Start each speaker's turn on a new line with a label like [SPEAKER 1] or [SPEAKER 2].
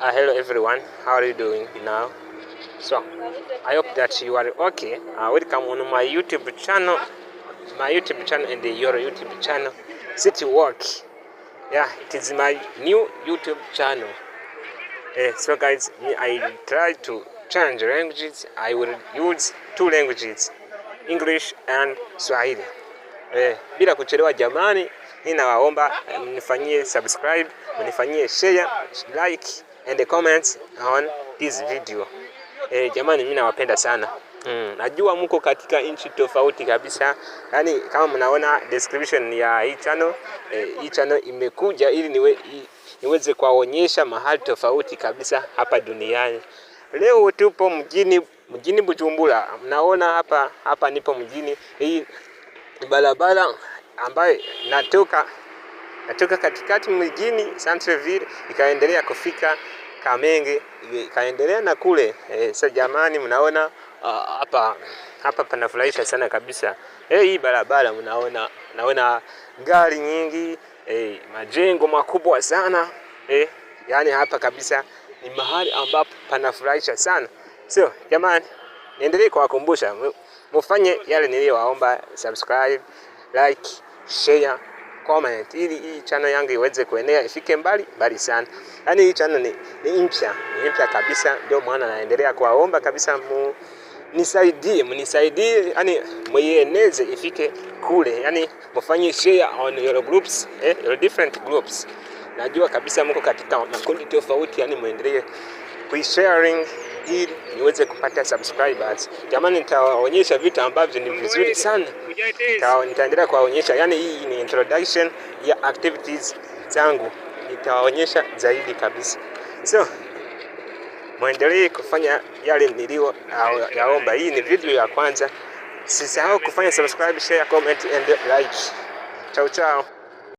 [SPEAKER 1] Uh, hello everyone, how are you doing now? So, I hope that you are okay. Uh, welcome on my YouTube channel, my YouTube channel and your YouTube channel, City Walk. Yeah, it is my new YouTube channel. Uh, so guys, I try to change languages. I will use two languages, English and Swahili. Eh, bila kuchelewa jamani, ninawaomba mnifanyie subscribe, mnifanyie share, like and the comments on this video. Eh, jamani mimi nawapenda sana. Mm, najua mko katika nchi tofauti kabisa. Yaani kama mnaona description ya hii channel, eh, hii channel imekuja ili niwe, niweze kuwaonyesha mahali tofauti kabisa hapa duniani. Leo tupo mjini mjini Bujumbura. Mnaona hapa hapa nipo mjini. Hii barabara ambayo natoka natoka katikati mjini Centreville ikaendelea kufika Kamenge ikaendelea na kule e. Eh, Sasa jamani, mnaona ah, hapa hapa panafurahisha sana kabisa e, hii barabara mnaona, naona gari nyingi e, majengo makubwa sana e, yani hapa kabisa ni mahali ambapo panafurahisha sana. So jamani, niendelee kuwakumbusha mufanye yale niliyowaomba: subscribe, like, share comment ili hii channel yangu iweze kuenea ifike mbali mbali sana. Yaani hii channel ni, ni mpya ni mpya kabisa, ndio maana naendelea kuwaomba kabisa mu nisaidie mnisaidie, yani mwieneze ifike kule, yani mfanye share on your groups eh, your different groups. Najua kabisa mko katika makundi tofauti, yani muendelee kuisharing ili niweze kupata subscribers. Jamani, nitawaonyesha vitu ambavyo ni vizuri sana, nitaendelea kuwaonyesha. Yani hii ni introduction ya activities zangu, nitawaonyesha zaidi kabisa, so mwendelee kufanya yale nilio yaomba. Hii ni video ya kwanza, sisahau kufanya subscribe, share, comment and like. Chao chao.